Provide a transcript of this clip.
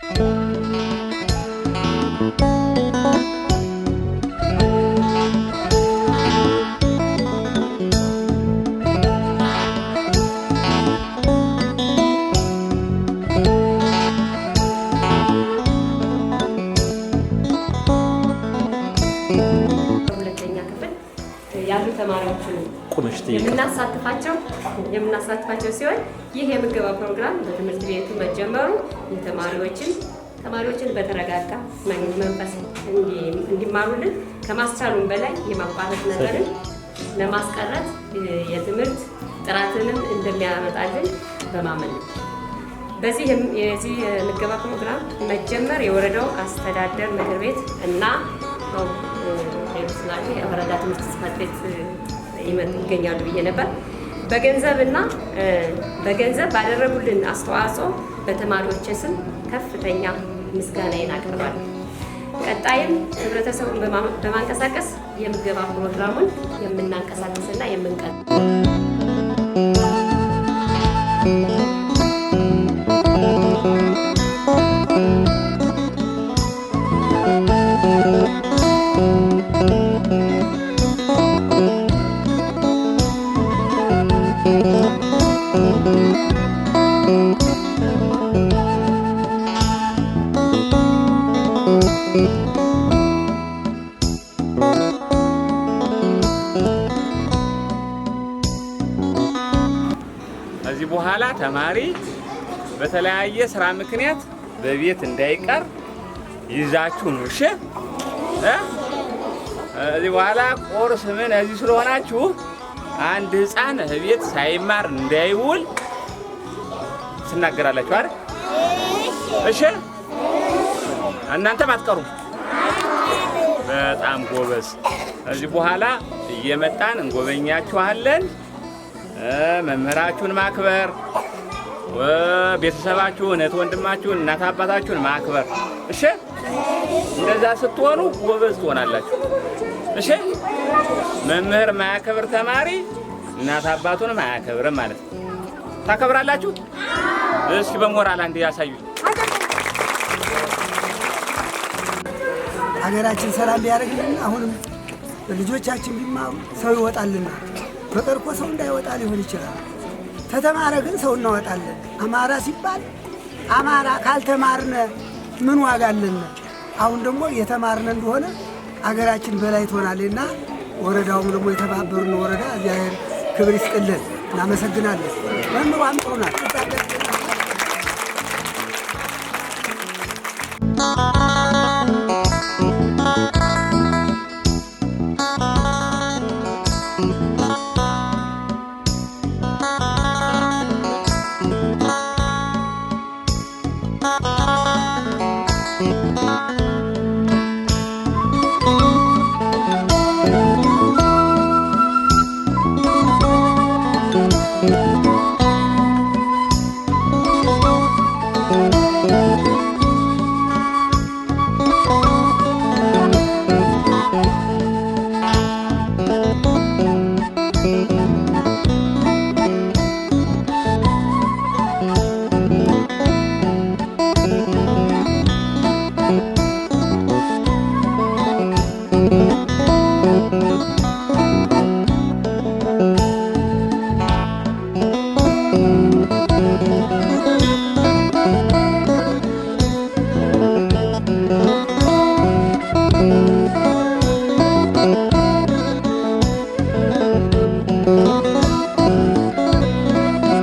Thank you. ተማሪዎችን የምናሳትፋቸው የምናሳትፋቸው ሲሆን ይህ የምገባ ፕሮግራም በትምህርት ቤቱ መጀመሩ የተማሪዎችን ተማሪዎችን በተረጋጋ መንፈስ እንዲማሩልን ከማስቻሉም በላይ የማቋረጥ ነገርን ለማስቀረት የትምህርት ጥራትንም እንደሚያመጣልን በማመን ነው። በዚህ የዚህ የምገባ ፕሮግራም መጀመር የወረዳው አስተዳደር ምክር ቤት እና ኃይሉ ስላሴ ወረዳ ትምህርት ጽሕፈት ቤት ይገኛሉ ብዬ ነበር። በገንዘብና በገንዘብ ባደረጉልን አስተዋጽኦ በተማሪዎች ስም ከፍተኛ ምስጋናዬን አቀርባለሁ። ቀጣይም ህብረተሰቡን በማንቀሳቀስ የምገባ ፕሮግራሙን የምናንቀሳቀስና የምንቀጥ Thank you. በኋላ ተማሪ በተለያየ ስራ ምክንያት በቤት እንዳይቀር ይዛችሁ ነው። እሺ እዚህ በኋላ ቁርስ ምን እዚህ ስለሆናችሁ አንድ ህፃን ቤት ሳይማር እንዳይውል ትናገራላችሁ አይደል? እሺ እናንተም አትቀሩም። በጣም ጎበዝ። እዚህ በኋላ እየመጣን እንጎበኛችኋለን። መምህራችሁን ማክበር ቤተሰባችሁን እህት ወንድማችሁን እናት አባታችሁን ማክበር። እሺ፣ እንደዛ ስትሆኑ ጎበዝ ትሆናላችሁ። እሺ፣ መምህር ማያከብር ተማሪ እናት አባቱን ማያከብርም ማለት ነው። ታከብራላችሁ? እሺ፣ በሞራል አንድ ያሳዩኝ። ሀገራችን ሰላም ቢያደርግልን አሁንም ልጆቻችን ቢማሩ ሰው ይወጣልና በቀርኮ ሰው እንዳይወጣ ሊሆን ይችላል። ተተማረ ግን ሰው እናወጣለን። አማራ ሲባል አማራ ካልተማርነ ምን ዋጋ አለን? አሁን ደግሞ የተማርነ እንደሆነ አገራችን በላይ ትሆናለች እና ወረዳውም ደግሞ የተባበሩን ወረዳ እግዚአብሔር ክብር ይስጥልን። እናመሰግናለን። መምሯም ጥሩ ናት። you. Mm-hmm.